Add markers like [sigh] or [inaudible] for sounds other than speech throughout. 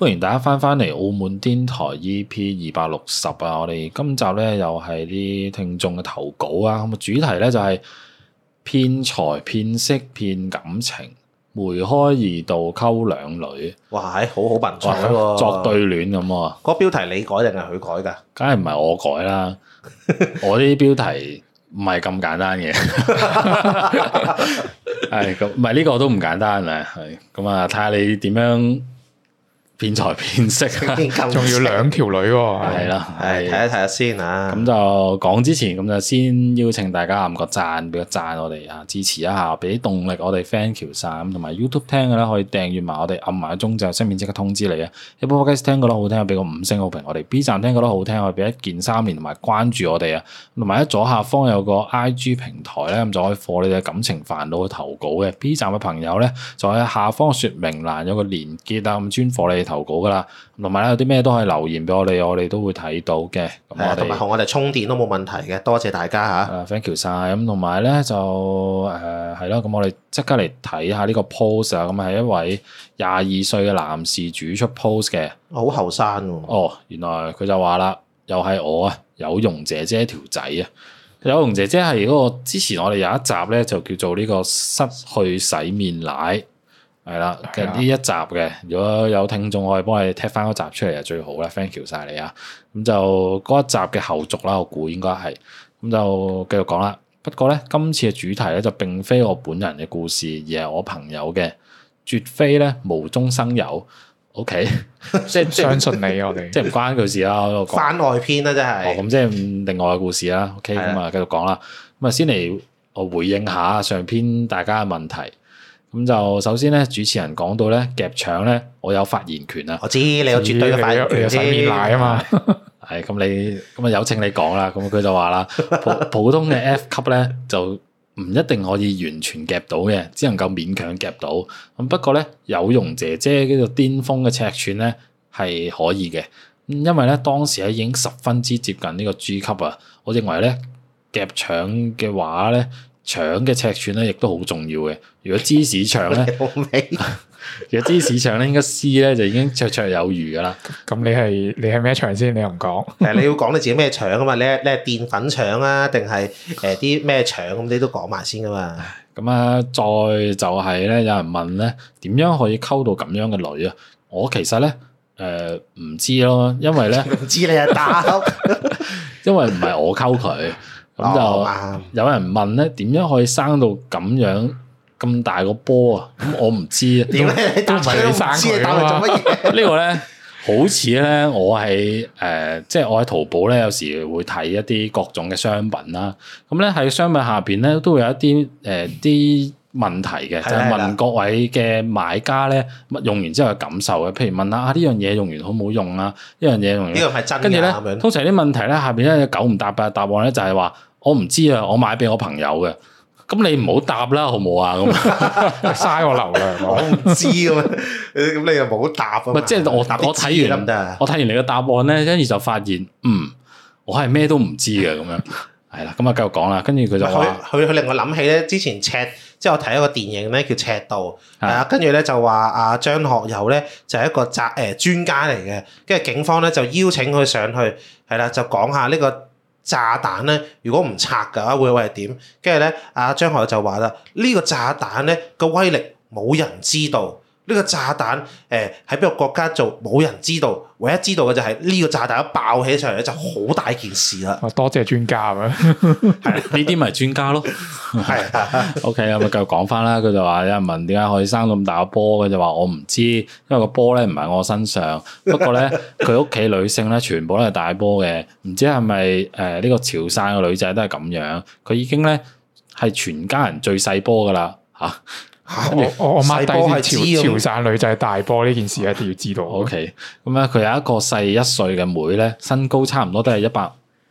歡迎大家翻翻嚟澳門電台 EP 二百六十啊！我哋今集咧，又係啲聽眾嘅投稿啊，咁啊主題咧，就係騙財騙色騙感情，梅開二度溝兩女。哇，係好好文采喎！作對聯咁啊！個標題你改定係佢改噶？梗係唔係我改啦， [laughs] 我啲標題唔係咁簡單嘅。係 [laughs] 咁， [laughs] [laughs] 唔係呢個都唔簡單係咪，係咁啊，睇下你點樣。騙財騙色仲 [laughs] 彩要兩條女喎，啊，係啦，睇、啊啊、一睇下先啊。咁就講之前，咁就先邀請大家按個讚，俾個讚我哋啊，支持一下，俾啲動力我哋 thank you 曬。咁同埋 YouTube 聽嘅咧，可以訂閲埋我哋，按埋鐘就方便即刻通知你啊。Apple Podcast 聽嘅都好聽，俾個五星好評我。我哋 B 站聽嘅都好聽，我哋俾一鍵三連同埋關注我哋啊。同埋喺左下方有個 IG 平台咧，咁就可以課你嘅感情煩惱去投稿嘅。B 站嘅朋友咧，就喺下方説明欄有個連結啊，咁專課你投稿噶啦，同埋咧有啲咩都可以留言俾我哋，我哋都會睇到嘅。同埋同我哋充電都冇問題嘅，多謝大家吓。Thank you 晒咁，同埋咧就誒係咯，咁、呃、我哋即刻嚟睇下呢個 post 啊，咁係一位廿二歲嘅男士主出 post 嘅，好後生哦。哦，原來佢就話啦，又係我啊，有容姐姐條仔啊，有容姐姐係嗰、嗰個之前我哋有一集咧就叫做呢個失去洗面奶。係啦，其實呢一集嘅，如果有聽眾可以幫你踢翻嗰集出嚟就最好啦，thank you 晒你啊！咁就嗰一集嘅後續啦，我估應該係咁就繼續講啦。不過咧，今次嘅主題咧就並非我本人嘅故事，而係我朋友嘅，絕非咧無中生有。OK， [laughs] 即係相信你 [laughs] [laughs] 我哋，oh, 即係唔關佢事啦。番外篇啦，真係。咁即係另外嘅故事啦。O K，咁啊繼續講啦。咁啊先嚟我回應下上篇大家嘅問題。咁就首先咧，主持人講到咧夾腸咧，我有發言權啊！我知你有絕對嘅發言權，我知、嗯。洗面奶啊嘛，係咁 [laughs] 你咁啊有請你講啦。咁佢就話啦，普普通嘅 F 級咧就唔一定可以完全夾到嘅，只能夠勉強夾到。咁不過咧，有容姐姐呢個巔峰嘅尺寸咧係可以嘅，因為咧當時咧已經十分之接近呢個 G 級啊！我認為咧夾腸嘅話咧。長嘅尺寸咧，亦都好重要嘅。如果芝士腸咧，其實 [laughs] 芝士腸咧， [laughs] 應該 C 咧就已經綽綽有餘噶啦。咁 [laughs] 你係你係咩腸先？你又唔講？誒， [laughs] 你要講你自己咩腸啊嘛？你係你係澱粉腸啊，定係誒啲咩腸咁？你都講埋先噶嘛？咁啊 [laughs] ，再就係咧，有人問咧，點樣可以溝到咁樣嘅女啊？我其實咧，誒、呃，唔知咯，因為咧唔知你又、啊、打， [laughs] [laughs] 因為唔係我溝佢。咁就有人問咧，點樣可以生到咁樣咁大個波啊？咁我唔知啊，都唔知答佢做乜嘢。 [laughs] 個呢個咧，好似咧，我喺誒，即、呃、係、就是、我喺淘寶咧，有時會睇一啲各種嘅商品啦。咁咧喺商品下邊咧，都會有一啲誒啲問題嘅，就是、問各位嘅買家咧，乜用完之後嘅感受嘅，譬如問下啊呢樣嘢用完好唔好用啊？呢樣嘢用完好個呢個係真嘅，跟住。通常啲問題咧，下邊咧九唔搭八嘅答案咧，就係話。我唔知啊，我、嗯、Después, 我買俾我朋友嘅，咁你唔好答啦，好冇啊？咁 [laughs] 嘥我流量，Tiny, 我唔知嘅咩？咁你又唔好答啊？ [music] 即係我我睇完啦，我睇完，完你嘅答案咧，跟住就發現，嗯，我係咩都唔知嘅咁樣，係、嗯、啦，咁、嗯、啊、 [music] [music] [music] 嗯、繼續講啦。跟住佢就話佢佢令我諗起咧，之前赤即係我睇一個電影咧，叫《赤道》，係啊，跟住咧就話阿張學友咧就係一個宅誒、呃、專家嚟嘅，跟、欸、住、呃、警方咧就邀請佢上，上去，係啦，就講下呢個。炸彈呢，如果唔拆嘅話，會會係點？跟住呢，阿張學友就話啦：呢、這個炸彈呢，個威力冇人知道。呢個炸彈誒喺邊個國家做，冇人知道，唯一知道嘅就係呢個炸彈一爆起上嚟咧就好大件事啦。多謝專家啊，呢啲咪專家咯？係，O K，咁咪繼續講翻啦。佢就話有 [laughs] 人問點解可以生咁大個波，佢就話我唔知，因為個波咧唔係我身上。不過咧，佢屋企女性咧全部都係大波嘅，唔知係咪誒呢個潮汕嘅女仔都係咁樣？佢已經咧係全家人最細波噶啦吓。啊我我孖弟係潮潮汕女仔，係大波呢件事，啊、一定要知道。O K，咁咧佢有一個細一歲嘅妹咧，身高差唔多都係一百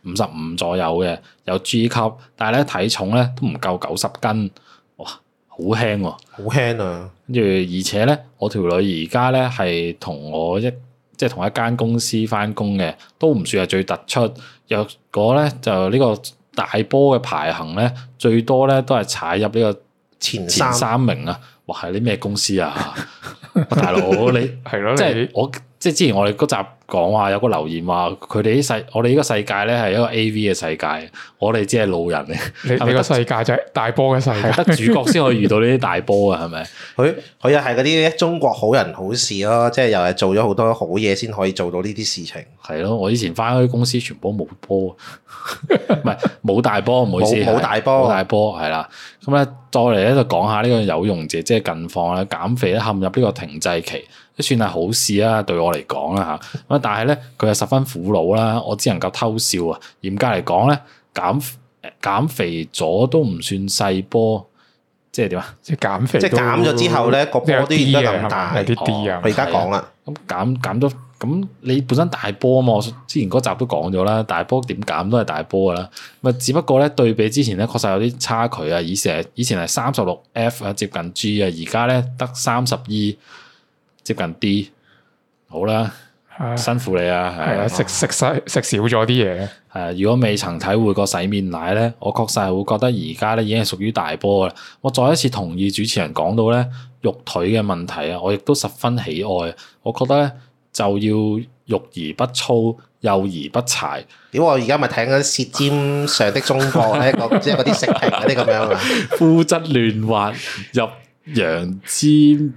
五十五左右嘅，有 G 級，但係咧體重咧都唔夠九十斤，哇，好輕，好輕啊！跟住，啊、而且咧，我條女而家咧係同我一即係、就是、同一間公司返工嘅，都唔算係最突出。若果咧就呢個大波嘅排行咧，最多咧都係踩入呢、這個。前三，前三名啊！哇，係啲咩公司啊？ [laughs] 大佬，你係咯， [laughs] 即係我。即係之前我哋嗰集講話有個留言話，佢哋啲世我哋呢個世界咧，係一個 A V 嘅世界，我哋只係路人咧。你個 [laughs] 世界就係大波嘅世界，得、啊、主角先可以遇到呢啲大波啊？係咪？ [laughs] 佢佢又係嗰啲中國好人好事咯，即係又係做咗好多好嘢先可以做到呢啲事情。係咯、啊，我以前翻嗰啲公司全部冇波，唔係冇大波唔好意思，冇大波，冇大波係啦。咁咧、啊、再嚟咧就講下呢個有用者，即係近況啦，減肥咧陷入呢個停滯期。都算係好事啊！對我嚟講啦吓，咁但係咧佢係十分苦惱啦，我只能夠偷笑啊！嚴格嚟講咧，減減肥咗都唔算細波，即係點啊？即係減肥，即係減咗之後咧，個波都變咗咁大，係啲啲啊！我而家講啦，咁、啊、減減咗，咁你本身大波啊嘛？我之前嗰集都講咗啦，大波點減都係大波噶啦，咁只不過咧對比之前咧，確實有啲差距啊！以前係以前係三十六 F 啊，接近 G 啊，而家咧得三十二，接近啲，好啦，辛苦你啊！食食晒食少咗啲嘢。誒、啊，如果未曾體會過洗面奶咧，我確實係會覺得而家咧已經係屬於大波啦。我再一次同意主持人講到咧，肉腿嘅問題啊，我亦都十分喜愛。我覺得咧就要肉而不粗，幼而不柴。屌！我而家咪睇緊舌尖上的中國咧，講即係嗰啲食評嗰啲咁樣，膚質嫩滑入羊尖。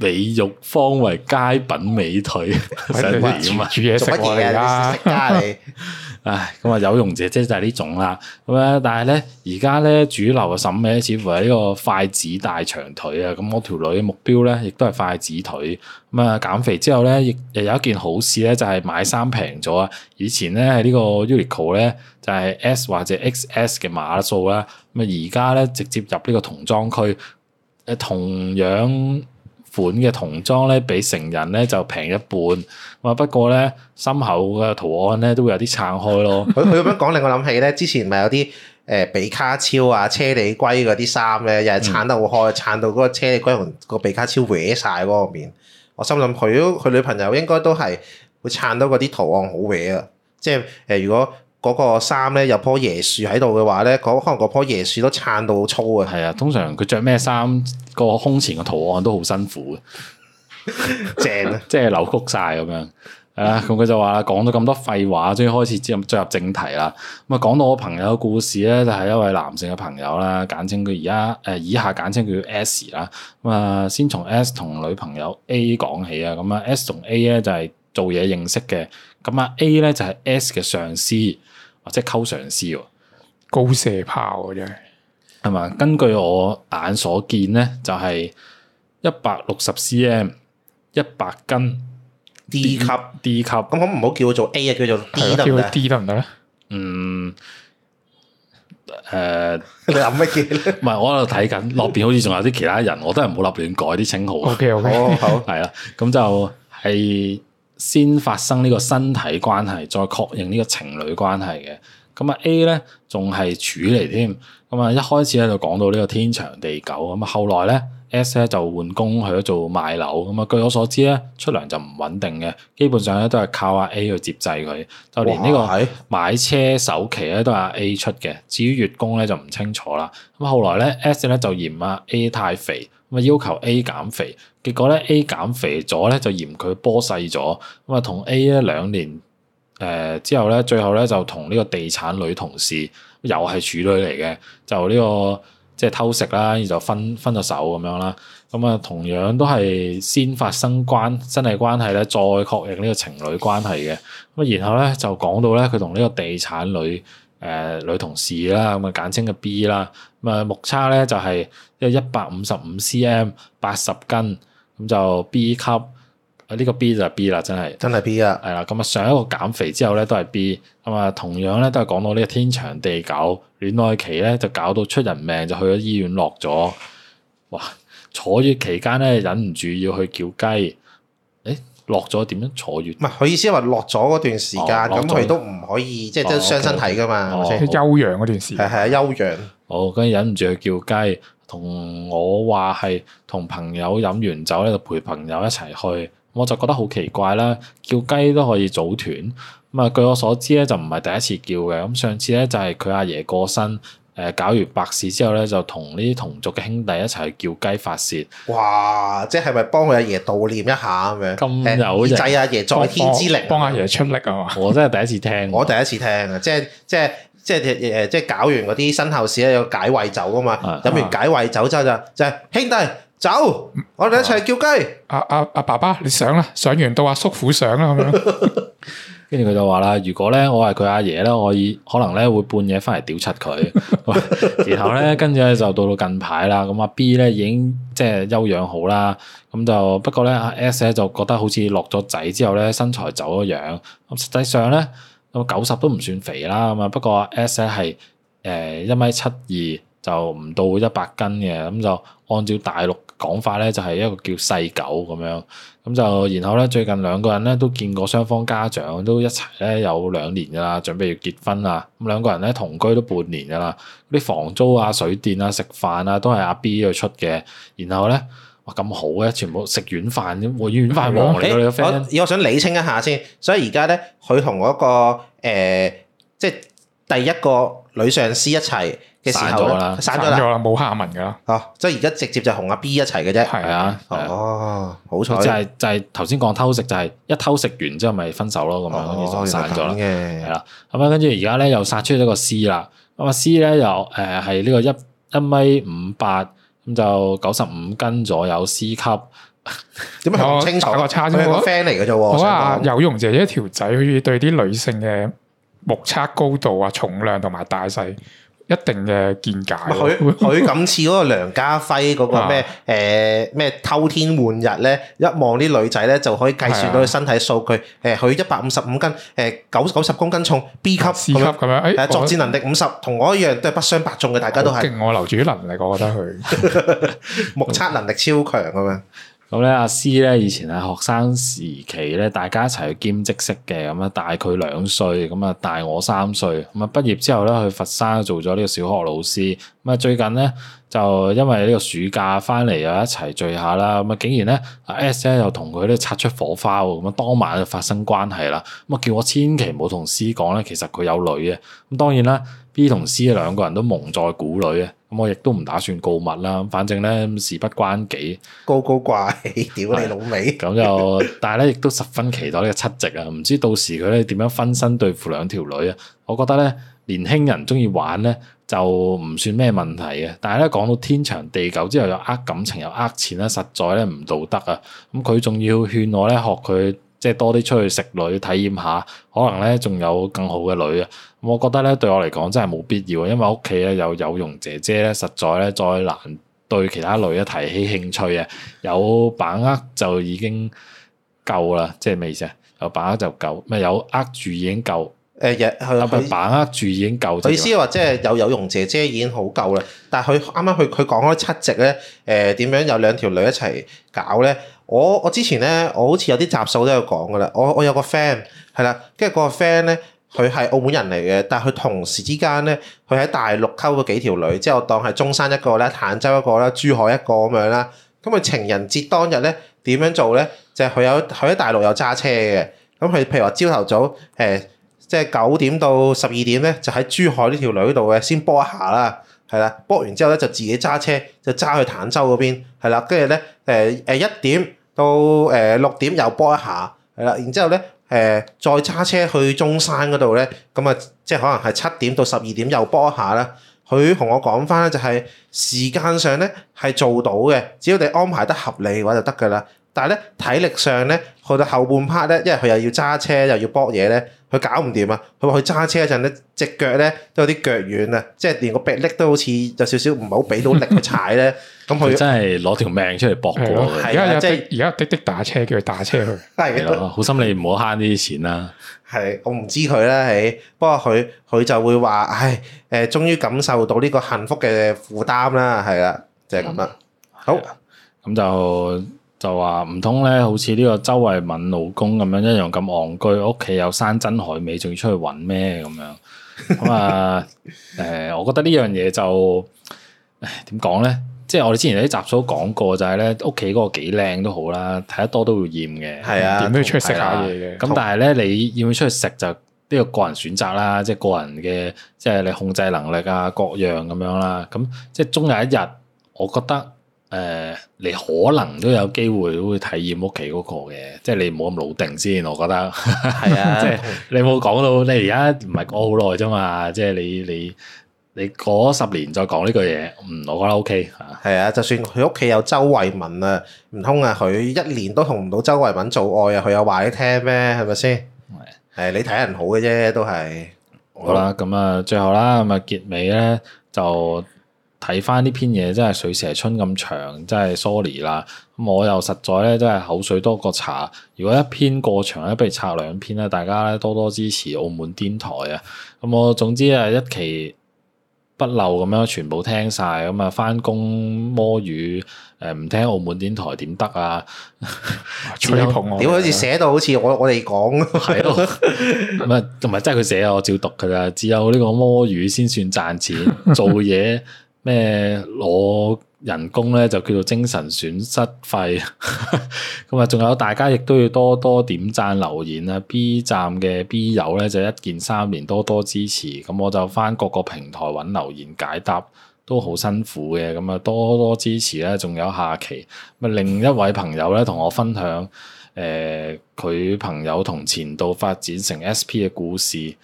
美玉方為佳品，美腿想乜嘢煮嘢食我而家， [laughs] 唉，咁啊有用姐姐就係呢種啦。咁啊，但係咧，而家咧主流嘅審美似乎係呢個筷子大長腿啊。咁我條女嘅目標咧，亦都係筷子腿。咁啊，減肥之後咧，亦又有一件好事咧，就係、是、買衫平咗啊。以前咧喺呢、這個 Uniqlo 咧，就係、是、S 或者 XS 嘅碼數啦。咁啊，而家咧直接入呢個童裝區，誒，同樣。款嘅童裝咧，比成人咧就平一半。哇！不過咧，心口嘅圖案咧，都會有啲撐開咯。佢佢咁樣講，令我諗起咧，之前咪有啲誒比卡超啊、車厘龜嗰啲衫咧，又係撐得好開，撐到嗰個車厘龜同個比卡超歪晒嗰個面。我心諗佢佢女朋友應該都係會撐到嗰啲圖案好歪啊！即係誒，如果。嗰個衫咧有棵椰樹喺度嘅話咧，可能嗰棵椰樹都撐到好粗啊！係啊，通常佢着咩衫，個胸前嘅圖案都好辛苦嘅，正啊，即係 [laughs] 扭曲晒咁樣。係啦、啊，咁佢就話啦，講咗咁多廢話，終於開始入進入正題啦。咁啊，講到我朋友故事咧，就係、是、一位男性嘅朋友啦，簡稱佢而家誒，以下簡稱佢叫 S 啦。咁啊，先從 S 同女朋友 A 講起啊。咁啊，S 同 A 咧就係做嘢認識嘅。咁啊，A 咧就係 S 嘅上司。即係溝上司喎，高射炮啊真係，係嘛？根據我眼所見咧，就係一百六十 cm，一百斤 D 級，D 級咁，可唔好叫我做 A 啊？叫做 D 得唔得唔得咧？嗯，誒、呃，你諗乜嘢咧？唔係，我喺度睇緊，落邊好似仲有啲其他人，我都係唔好立亂改啲稱號。O K O K，好係啦，咁就係、是。先發生呢個身體關係，再確認呢個情侶關係嘅，咁啊 A 呢仲係處嚟添，咁啊一開始咧就講到呢個天長地久，咁啊後來咧。S 咧就換工去咗做賣樓，咁啊據我所知咧出糧就唔穩定嘅，基本上咧都係靠阿 A 去接濟佢，哇 就連呢個買車首期咧都阿 A 出嘅。至於月供咧就唔清楚啦。咁後來咧 S 咧就嫌啊 A 太肥，咁啊要求 A 減肥，結果咧 A 減肥咗咧就嫌佢波細咗，咁啊同 A 咧兩年誒之後咧最後咧就同呢個地產女同事又係處女嚟嘅，就呢、呢個。即係偷食啦，然就分分咗手咁樣啦。咁啊，同樣都係先發生關身體關係咧，再確認呢個情侶關係嘅。咁啊，然後咧就講到咧，佢同呢個地產女誒、呃、女同事啦，咁啊簡稱嘅 B 啦。咁啊目測咧就係一一百五十五 cm，八十斤，咁就 B 級。呢個 B 就係 B 啦，真係真係 B 啊！係啦，咁啊上一個減肥之後咧都係 B，咁啊同樣咧都係講到呢個天長地久戀愛期咧，就搞到出人命，就去咗醫院落咗。哇！坐月期間咧忍唔住要去叫雞。誒落咗點樣坐月？唔係佢意思係話落咗嗰段時間，咁佢、哦、都唔可以、哦、okay，即係都傷身體噶嘛？佢休養嗰段時間係係啊休養。哦，跟住忍唔住去叫雞，同我話係同朋友飲完酒咧，就陪朋友一齊去。我就覺得好奇怪啦，叫雞都可以組團。咁啊，據我所知咧，就唔係第一次叫嘅。咁上次咧就係佢阿爺過身，誒搞完白事之後咧，就同呢啲同族嘅兄弟一齊去叫雞發泄。哇！即係咪幫佢阿爺悼念一下咁樣？咁有祭阿爺，爺在天之靈，幫阿爺，爺出力啊嘛！我真係第， [laughs] 第一次聽，我第一次聽啊！即係即係即係誒即係搞完嗰啲身後事咧，有解穢酒啊嘛？飲的完解穢酒之後就就係、的兄弟。走，我哋一齊叫雞。阿阿阿爸爸，你上啦，上完到阿叔父上啦咁樣。跟住佢就話啦，如果咧我係佢阿爺咧，我以可能咧會半夜翻嚟屌柒佢。然後咧，跟住咧就到到近排啦。咁阿 B 咧已經即係休養好啦。咁就不過咧阿 S 咧就覺得好似落咗仔之後咧身材走咗樣。咁實際上咧，咁九十都唔算肥啦。咁啊不過阿 S 咧係誒一米七二。就唔到一百斤嘅，咁就按照大陸講法咧，就係、是、一個叫細狗咁樣。咁就然後咧，最近兩個人咧都見過雙方家長，都一齊咧有兩年噶啦，準備要結婚啊。咁兩個人咧同居都半年噶啦，啲房租啊、水電啊、食飯啊都係阿 B 喺度出嘅。然後咧，哇咁好嘅，全部食軟飯咁，我軟飯王嚟㗎你個 friend。我想理清一下先，所以而家咧，佢同嗰個、呃、即係第一個女上司一齊。散咗啦，散咗啦，冇下文噶啦。哦、啊，即係而家直接就同阿 B 一齊嘅啫。係啊，哦，冇錯。即係就係頭先講偷食、就是，就係一偷食完之後咪分手咯，咁樣就散咗啦。係啦，咁啊，跟住而家咧又殺出咗個 C 啦。咁啊，C 咧又誒係呢、呃、個一一米五八咁就九十五斤左右，C 級。點解咁清楚？差個叉係個 friend 嚟嘅啫。好啊，有用姐一條仔好似對啲女性嘅目測高度啊、重量同埋大細，一定嘅見解。佢佢咁似嗰個梁家輝嗰個咩？誒咩、 [laughs] 欸、偷天換日咧？一望啲女仔咧，就可以計算到佢身體數據。誒佢一百五十五斤，誒九九十公斤重，B 級、四級咁樣。誒、欸、作戰能力五十我，同我一樣都係不相伯仲嘅，大家都係。勁我留住啲能力，我覺得佢目 [laughs] [laughs] 測能力超強啊嘛～咁咧，阿 C 咧以前喺學生時期咧，大家一齊去兼職識嘅，咁啊，大佢兩歲，咁啊大我三歲，咁啊畢業之後咧去佛山做咗呢個小學老師，咁啊最近咧就因為呢個暑假翻嚟又一齊聚下啦，咁啊竟然咧阿 S 咧又同佢咧擦出火花，咁啊當晚就發生關係啦，咁啊叫我千祈唔好同 C 講咧，其實佢有女嘅，咁當然啦，B 同 C 兩個人都蒙在鼓裏嘅。咁我亦都唔打算告密啦，反正咧事不關己，高高掛起，屌你老味。咁就，但係咧亦都十分期待呢個七夕啊！唔知到時佢咧點樣分身對付兩條女啊？我覺得咧年輕人中意玩咧就唔算咩問題嘅，但係咧講到天長地久之後又呃感情又呃錢咧，實在咧唔道德啊！咁佢仲要勸我咧學佢。即係多啲出去食女體驗下，可能咧仲有更好嘅女啊！我覺得咧對我嚟講真係冇必要，因為屋企咧有有容姐姐咧，實在咧再難對其他女啊提起興趣啊，有把握就已經夠啦！即係咩意思啊？有把握就夠，咪有握住已經夠。誒、呃，係咪把握住已經夠他？意思話即係有有容姐姐已經好夠啦。但係佢啱啱佢佢講開七夕咧，誒、呃、點樣有兩條女一齊搞咧？我我之前咧，我好似有啲集數都有講噶啦。我我有個 friend 係啦，跟住個 friend 咧，佢係澳門人嚟嘅，但係佢同時之間咧，佢喺大陸溝咗幾條女，之後當係中山一個咧、坦洲一個咧、珠海一個咁樣啦。咁佢情人節當日咧點樣做咧？就佢、係、有佢喺大陸又揸車嘅，咁佢譬如話朝頭早誒，即係九點到十二點咧，就喺珠海呢條女度嘅先煲一下啦，係啦，煲完之後咧就自己揸車就揸去坦洲嗰邊，係啦，跟住咧誒誒一點。到誒六點又波一下，係啦，然之後咧誒、呃、再揸車去中山嗰度咧，咁啊即係可能係七點到十二點又波一下啦。佢同我講翻咧就係時間上咧係做到嘅，只要你安排得合理嘅話就得㗎啦。但係咧體力上咧去到後半 part 咧，因為佢又要揸車又要搏嘢咧，佢搞唔掂啊！佢話佢揸車嗰陣咧，隻腳咧都有啲腳軟啊，即係連個臂力都好似有少少唔好俾到力去踩咧。咁佢真係攞條命出嚟搏過嘅。而家即係，而家滴滴打車叫佢打車去。係咯，好心你唔好慳呢啲錢啦。係我唔知佢咧，不過佢佢就會話，唉，誒，終於感受到呢個幸福嘅負擔啦，係啦，就係咁啦。好，咁就。就話唔通咧，好似呢個周慧敏老公咁樣一樣咁戇居，屋企有山珍海味，仲要出去搵咩咁樣？咁啊、 [laughs] 嗯，誒、呃，我覺得呢樣嘢就，點講咧？即係、就是、我哋之前啲集數講過、就是，就係咧屋企嗰個幾靚都好啦，睇得多都會厭嘅。係啊，點都要出去食下嘢嘅。咁但係咧，你要出去食同就呢、這個個人選擇啦，即、就、係、是、個人嘅，即、就、係、是、你控制能力啊，各樣咁樣啦。咁即係終有一日，我覺得。誒、呃，你可能都有機會都會體驗屋企嗰個嘅，即係你唔好咁老定先，我覺得係啊。即係你冇講到你你，你而家唔係講好耐啫嘛。即係你你你十年再講呢句嘢，唔，我覺得 O K 係啊，就算佢屋企有周慧敏啊，唔通啊，佢一年都同唔到周慧敏做愛是是啊？佢有話你聽咩？係咪先？係，你睇人好嘅啫，都係、嗯、好啦。咁啊，最後啦，咁啊，結尾咧就。睇翻呢篇嘢真係水蛇春咁長，真係 sorry 啦。咁我又實在咧，真係口水多過茶。如果一篇過長，不如拆兩篇啦。大家咧多多支持澳門電台啊。咁我總之啊一期不漏咁樣全部聽晒。咁啊翻工摸魚誒，唔聽澳門電台點得啊？吹捧點好似寫到好似我我哋講係咯，唔係同埋真係佢寫我照讀噶啦。只有呢個摸魚先算賺錢做嘢。 [laughs] 咩攞、呃、人工咧就叫做精神損失費，咁啊，仲有大家亦都要多多點讚留言啊！B 站嘅 B 友咧就一鍵三連多多支持，咁我就返各個平台揾留言解答都好辛苦嘅，咁啊多多支持啦！仲有下期，咁另一位朋友咧同我分享，誒、呃、佢朋友同前度發展成 SP 嘅故事。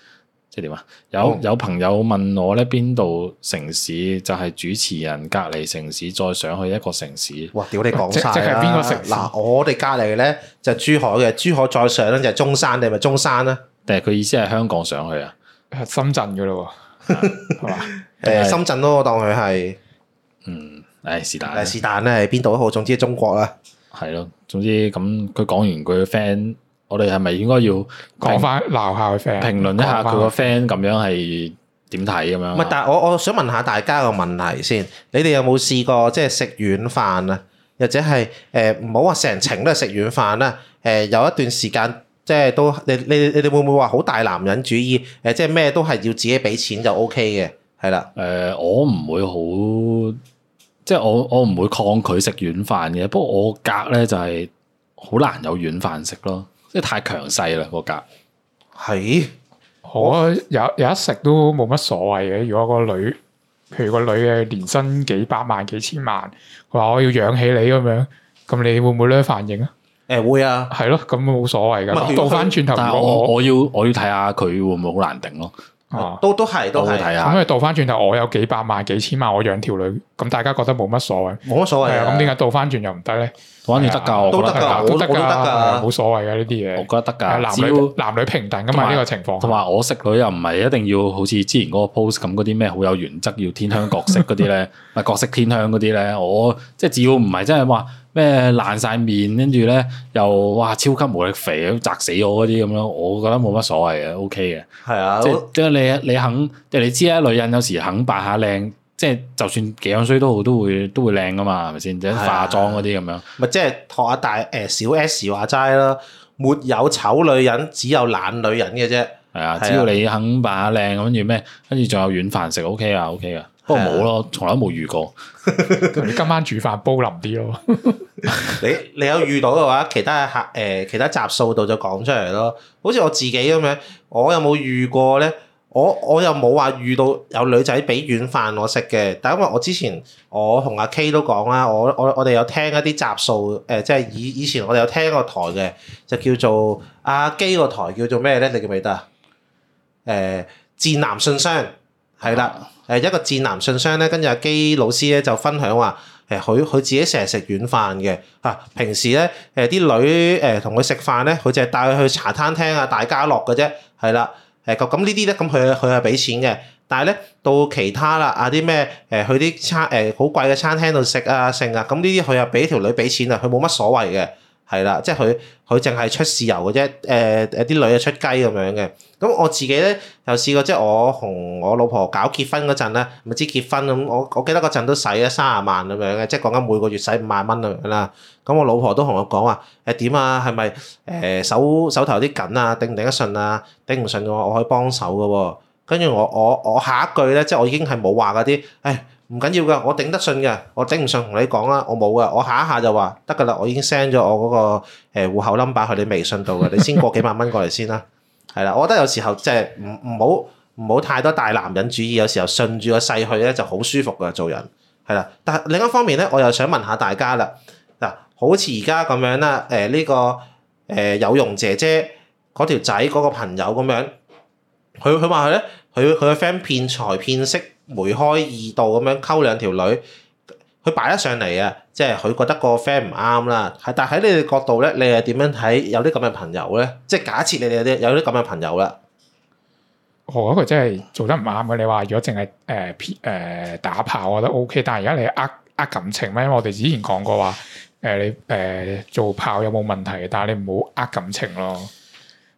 即係點啊？有有朋友問我咧，邊度城市就係、是、主持人隔籬城市，再上去一個城市。哇！屌你講，即係邊個城？嗱，我哋隔籬咧就係珠海嘅，珠海再上咧就係中山，定係咪中山咧？定係佢意思係香港上去啊？深圳噶咯喎，係嘛？誒，深圳咯，我當佢係，嗯，誒、哎，是但，誒，是但咧，係邊度都好，總之中國啦。係咯，總之咁，佢講完佢 friend。我哋係咪應該要講翻鬧下佢 friend，評論一下佢個 friend 咁樣係點睇咁樣？唔係，但係我我想問下大家個問題先，你哋有冇試過即係食軟飯啊？或者係誒唔好話成程都係食軟飯啦？誒、呃，有一段時間即係都你你你哋會唔會話好大男人主義？誒、呃，即係咩都係要自己俾錢就 OK 嘅係啦。誒、呃，我唔會好即係我我唔會抗拒食軟飯嘅，不過我隔咧就係好難有軟飯食咯。即係太強勢啦，個價係我有有一食都冇乜所謂嘅。如果個女譬如個女嘅年薪幾百萬幾千萬，佢話我要養起你咁樣，咁你會唔會咧反應啊？誒會啊，係咯，咁都冇所謂噶。倒翻轉頭，但係我我，我要我要睇下佢會唔會好難定咯。都都係都係，咁咪倒翻轉頭，我有幾百萬、幾千萬，我養條女，咁大家覺得冇乜所謂，冇乜所謂，啊，咁點解倒翻轉又唔得咧？倒翻轉得噶，都得噶，都得噶，冇所謂嘅呢啲嘢，我覺得得噶，男女男女平等噶嘛呢個情況，同埋我識女又唔係一定要好似之前嗰個 post 咁嗰啲咩好有原則要天香角色嗰啲咧，咪角色天香嗰啲咧，我即係只要唔係真係話。咩爛晒面，跟住咧又哇超級無力肥砸死我嗰啲咁樣，我覺得冇乜所謂嘅，OK 嘅。係啊的，即係你你肯，即係你知啊，女人有時肯扮下靚，即係就算幾樣衰都好，都會都會靚噶嘛，係咪先？即係化妝嗰啲咁樣。咪即係託阿大誒小 S 話齋啦，沒有醜女人，只有懶女人嘅啫。係啊，只要你肯扮下靚，跟住咩，跟住仲有軟飯食，OK 啊，OK 啊。OK。不過冇咯，從來冇遇過。你今晚煮飯煲腍啲咯。你你有遇到嘅話，其他客誒、呃，其他集數度就講出嚟咯。好似我自己咁樣，我有冇遇過咧。我我又冇話遇到有女仔俾軟飯我食嘅。但係因為我之前我同阿 K 都講啦，我我我哋有聽一啲集數，誒、呃，即係以以前我哋有聽個台嘅，就叫做阿基個台叫做咩咧？你記唔記得啊？誒、呃，戰男信箱係啦。誒一個戰男信箱咧，跟住阿基老師咧就分享話，誒佢佢自己成日食軟飯嘅，嚇、啊、平時咧誒啲女誒同佢食飯咧，佢淨係帶佢去茶餐廳啊、大家樂嘅啫，係啦，誒、啊、咁呢啲咧，咁佢佢係俾錢嘅，但係咧到其他啦啊啲咩誒去啲餐誒好貴嘅餐廳度食啊剩啊，咁呢啲佢又俾條女俾錢啊，佢冇乜所謂嘅。係啦，即係佢佢淨係出豉油嘅啫，誒誒啲女啊出雞咁樣嘅。咁我自己咧又試過，即係我同我老婆搞結婚嗰陣咧，咪知結婚咁，我我記得嗰陣都使咗三十萬咁樣嘅，即係講緊每個月使五萬蚊咁樣啦。咁我老婆都同我講話，誒點啊，係咪誒手手頭有啲緊啊，頂唔頂得順啊？頂唔順嘅話，我可以幫手噶，哦。跟住我我我下一句咧，即係我已經係冇話嗰啲，誒、哎。唔緊要噶，我頂得順嘅，我頂唔順同你講啦，我冇噶，我下一下就話得噶啦，我已經 send 咗我嗰個誒戶口 number 去你微信度嘅，你先過幾萬蚊過嚟先啦，係啦， [laughs] 我覺得有時候即係唔唔好唔好太多大男人主義，有時候順住個勢去咧就好舒服噶做人，係啦。但係另一方面咧，我又想問下大家啦，嗱，好似而家咁樣啦，誒呢個誒有容姐姐嗰條仔嗰個朋友咁樣，佢佢話佢咧，佢佢嘅 friend 騙財騙色。梅開二度咁樣溝兩條女，佢擺得上嚟啊！即係佢覺得個 friend 唔啱啦，係但喺你哋角度咧，你係點樣睇有啲咁嘅朋友咧？即係假設你哋有啲有啲咁嘅朋友啦。哦，嗰個真係做得唔啱啊！你話如果淨係誒誒打炮，我覺得 OK，但係而家你呃呃感情咩？因為我哋之前講過話誒、呃、你誒、呃、做炮有冇問題，但係你唔好呃感情咯。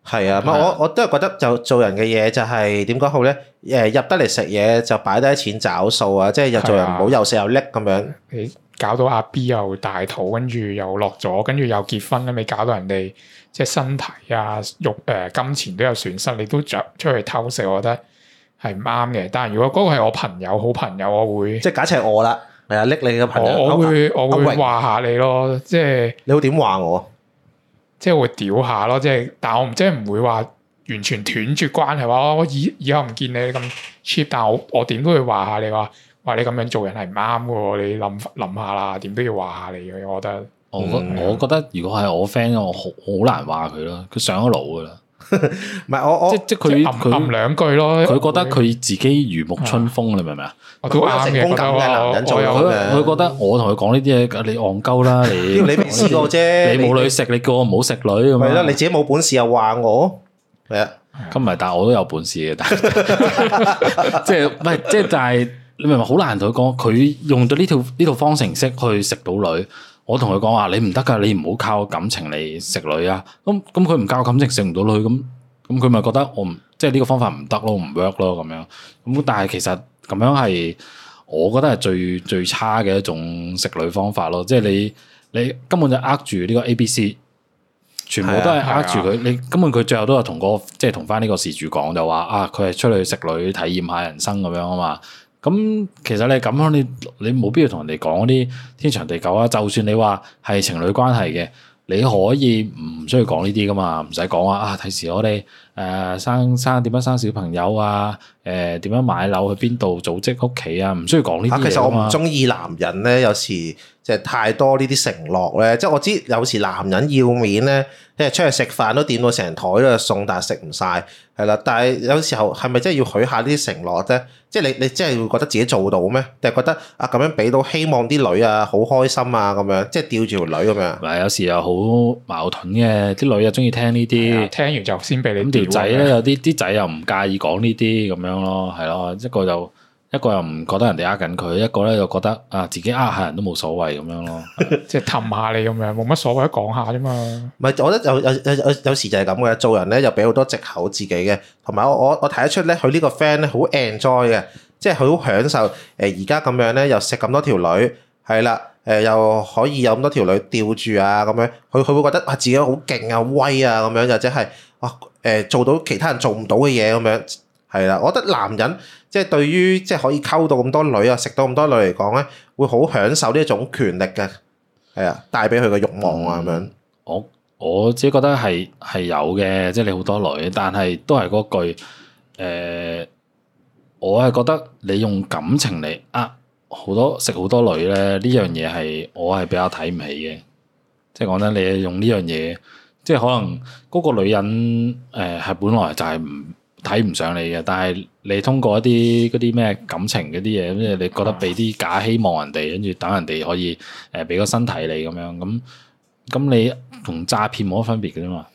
係啊，唔我我都係覺得就做人嘅嘢就係點講好咧？誒入得嚟食嘢就擺低錢找數啊！即係又做人唔好又食又叻咁樣，你搞到阿 B 又大肚，跟住又落咗，跟住又結婚咧，咪搞到人哋即係身體啊、肉誒、金錢都有損失，你都着出去偷食，我覺得係唔啱嘅。但係如果嗰個係我朋友、好朋友，我會即係假設係我啦，係啊，拎你嘅朋友，我會我會話下你咯，即係你會點話我？即係會屌下咯，即係，但係我唔即係唔會話完全斷絕關係，話我以以後唔見你咁 cheap，但係我我點都會話下你話話你咁樣做人係唔啱嘅喎，你諗諗下啦，點都要話下你嘅，我覺得。我覺得、嗯、我覺得如果係我 friend，我好好難話佢咯，佢上咗腦嘅啦。唔係我我即係佢噏兩句咯，佢覺得佢自己如沐春風，你明唔明啊？佢啱嘅，我右。佢覺得我同佢講呢啲嘢，你戇鳩啦，你你未試過啫，你冇女食，你叫我唔好食女，係咯，你自己冇本事又話我，係啊，咁唔係，但係我都有本事嘅，即係唔係，即係但係你明唔明？好難同佢講，佢用咗呢套呢套方程式去食到女。我同佢講話，你唔得噶，你唔好靠感情嚟食女啊！咁咁佢唔靠感情食唔到女，咁咁佢咪覺得我唔，即係呢個方法唔得咯，唔 work 咯咁樣。咁但係其實咁樣係，我覺得係最最差嘅一種食女方法咯。即係你你根本就呃住呢個 A、B、C，全部都係呃住佢。啊啊、你根本佢最後都係同個即係同翻呢個事主講就話、是、啊，佢係出去食女體驗下人生咁樣啊嘛。嗯咁其實你咁樣你你冇必要同人哋講嗰啲天長地久啊，就算你話係情侶關係嘅，你可以唔需要講呢啲㗎嘛，唔使講啊啊！第時我哋誒、呃、生生點樣生，生，生小朋友啊，誒、呃、點樣買樓去邊度組織屋企啊，唔需要講呢啲。嚇，其實我唔中意男人咧，有時即係太多呢啲承諾咧，即係我知有時男人要面咧。即係出去食飯都點到成台啦，送但係食唔晒，係啦。但係有時候係咪真係要許下呢啲承諾啫？即係你你真係會覺得自己做到咩？定係覺得啊咁樣俾到希望啲女啊好開心啊咁樣，即係吊住條女咁樣。係有時又好矛盾嘅，啲女又中意聽呢啲，聽完就先俾你。咁條仔咧， [laughs] 有啲啲仔又唔介意講呢啲咁樣咯，係咯，一個就。一個又唔覺得人哋呃緊佢，一個咧又覺得啊自己呃下人都冇所謂咁樣咯， [laughs] [laughs] 即係氹下你咁樣，冇乜所謂，講下啫嘛。唔係，我覺得有有有有有時就係咁嘅，做人咧又俾好多藉口自己嘅。同埋我我我睇得出咧，佢呢個 friend 咧好 enjoy 嘅，即係佢好享受。誒而家咁樣咧，又食咁多條女，係啦，誒又可以有咁多條女吊住啊，咁樣，佢佢會覺得啊自己好勁啊威啊咁樣，或者係哇誒做到其他人做唔到嘅嘢咁樣，係啦，我覺得男人。即係對於即係可以溝到咁多女啊，食到咁多女嚟講咧，會好享受呢一種權力嘅係啊，帶俾佢嘅慾望啊咁樣。我我自己覺得係係有嘅，即係你好多女，但係都係嗰句誒，我係覺得你用感情嚟呃好多食好多女咧，呢樣嘢係我係比較睇唔起嘅。即係講真，你用呢樣嘢，即係可能嗰個女人誒係本來就係唔。睇唔上你嘅，但係你通過一啲嗰啲咩感情嗰啲嘢，咁你覺得俾啲假希望人哋，跟住等人哋可以誒俾個身體你咁樣，咁咁你同詐騙冇乜分別嘅啫嘛？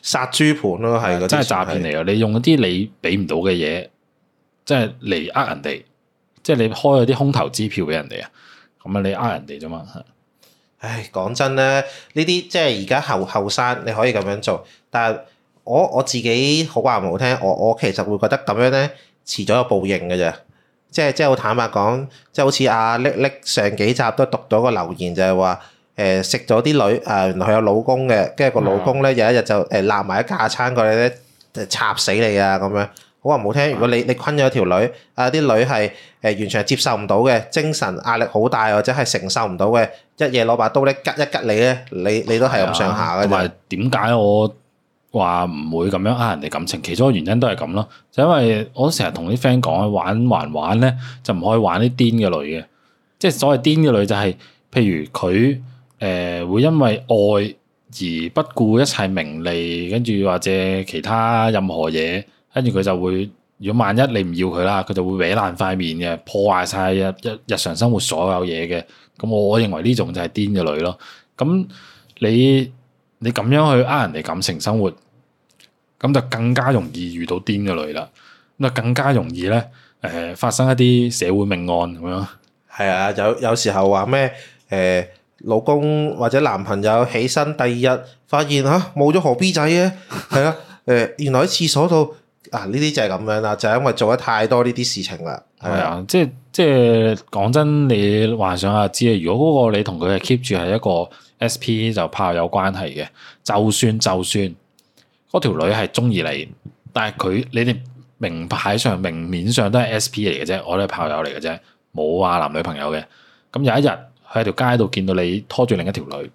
殺豬盤咯，係，係嗰啲真係詐騙嚟嘅，係你用一啲你俾唔到嘅嘢，即係嚟呃人哋，即係你開嗰啲空頭支票俾人哋啊，咁啊你呃人哋啫嘛？唉，講真咧，呢啲即係而家後後生你可以咁樣做，但係。我我自己好話唔好聽，我我其實會覺得咁樣咧遲早有報應嘅啫，即係即係好坦白講，即係好似阿叻叻上幾集都讀咗個留言，就係話誒食咗啲女誒，原來佢有老公嘅，跟住個老公咧有一日就誒鬧埋一架餐過嚟咧，插死你啊咁樣，好話唔好聽，如果你你坤咗條女，啊啲女係誒完全係接受唔到嘅，精神壓力好大或者係承受唔到嘅，一夜攞把刀咧吉一吉你咧，你你都係咁上下嘅。同埋點解我話唔會咁樣呃人哋感情，其中一個原因都係咁咯，就因為我成日同啲 friend 講，玩還玩咧就唔可以玩啲癲嘅女嘅，即係所謂癲嘅女就係、是，譬如佢誒、呃、會因為愛而不顧一切名利，跟住或者其他任何嘢，跟住佢就會，如果萬一你唔要佢啦，佢就會搲爛塊面嘅，破壞晒日日日常生活所有嘢嘅，咁我認為呢種就係癲嘅女咯，咁你。你咁樣去呃人哋感情生活，咁就更加容易遇到癲嘅女啦，咁就更加容易咧，誒、呃、發生一啲社會命案咁樣。係啊，有有時候話咩，誒、呃、老公或者男朋友起身第二日，發現吓冇咗何 B 仔 [laughs] 啊？係、呃、啊，誒原來喺廁所度，啊呢啲就係咁樣啦，就係、因為做得太多呢啲事情啦。係啊，啊，即即講真，你幻想下知啊，如果嗰個你同佢係 keep 住係一個。S.P 就炮友關係嘅，就算就算嗰條女係中意你，但係佢你哋名牌上、明面上都係 S.P 嚟嘅啫，我都係炮友嚟嘅啫，冇話男女朋友嘅。咁有一日佢喺條街度見到你拖住另一條女，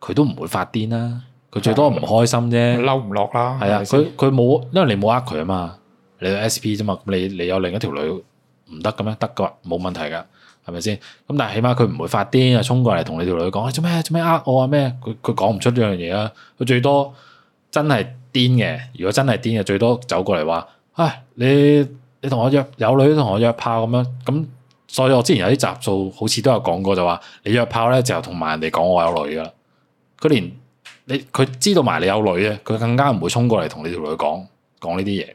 佢都唔會發癲啦，佢最多唔開心啫，嬲唔落啦。係啊，佢佢冇，因為你冇呃佢啊嘛，你有 S.P 啫嘛，咁你你有另一條女唔得嘅咩？得噶，冇問題噶。係咪先？咁但係起碼佢唔會發癲啊，衝過嚟同你條女講：，做咩做咩呃我啊？咩？佢佢講唔出呢樣嘢啦。佢最多真係癲嘅。如果真係癲嘅，最多走過嚟話：，唉，你你同我約有女，同我約炮咁樣。咁所以我之前有啲集數，好似都有講過，就話你約炮咧，就同埋人哋講我有女噶啦。佢連你佢知道埋你有女嘅，佢更加唔會衝過嚟同你條女講講呢啲嘢。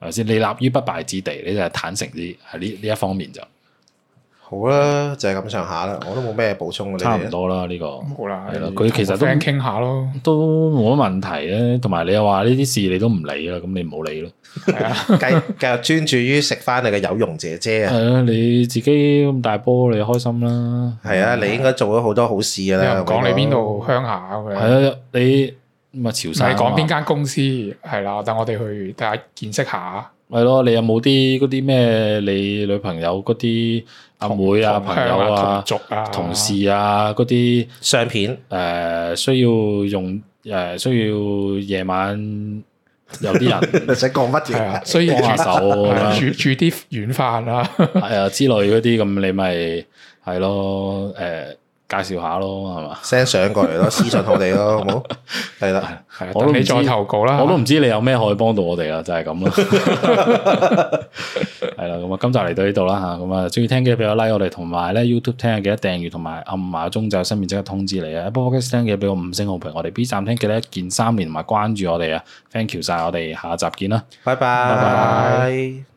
係咪先？你立於不敗之地，你就係坦誠啲，喺呢呢一方面就。好啦，就係咁上下啦，我都冇咩補充嘅。差唔多啦，呢個好啦，係啦，佢其實都傾下咯，都冇乜問題咧。同埋你又話呢啲事你都唔理啊，咁你唔好理咯。繼繼續專注於食翻你嘅有用姐姐啊！係啊，你自己咁大波，你開心啦。係啊，你應該做咗好多好事嘅啦。講你邊度鄉下咁嘅。係啊，你咁啊，潮汕。你講邊間公司係啦，等我哋去睇下見識下。係咯，你有冇啲嗰啲咩？你女朋友嗰啲阿妹啊，啊朋友啊，同，啊同事啊，嗰啲、啊、些相片誒、呃，需要用誒、呃，需要夜晚有啲人 [laughs] 你使講乜嘢？需要助手，煮煮啲軟飯啊，係啊 [laughs] 之類嗰啲咁，你咪係咯，誒。呃呃介紹下咯，係嘛？send 上過嚟咯，私信我哋咯， [laughs] 好唔好？係啦，我都未再投稿啦，我都唔知你有咩可以幫到我哋啦，就係咁啦。係啦，咁啊，今集嚟到呢度啦吓，咁啊，中意聽嘅俾個 like 我哋，同埋咧 YouTube 聽嘅記得訂閱，同埋按埋個鐘就有新片即刻通知你啊！播客聽嘅俾個五星好評，我哋 B 站聽嘅記得一鍵三連同埋關注我哋啊 [laughs] ！thank you 晒我哋，下集見啦，拜拜。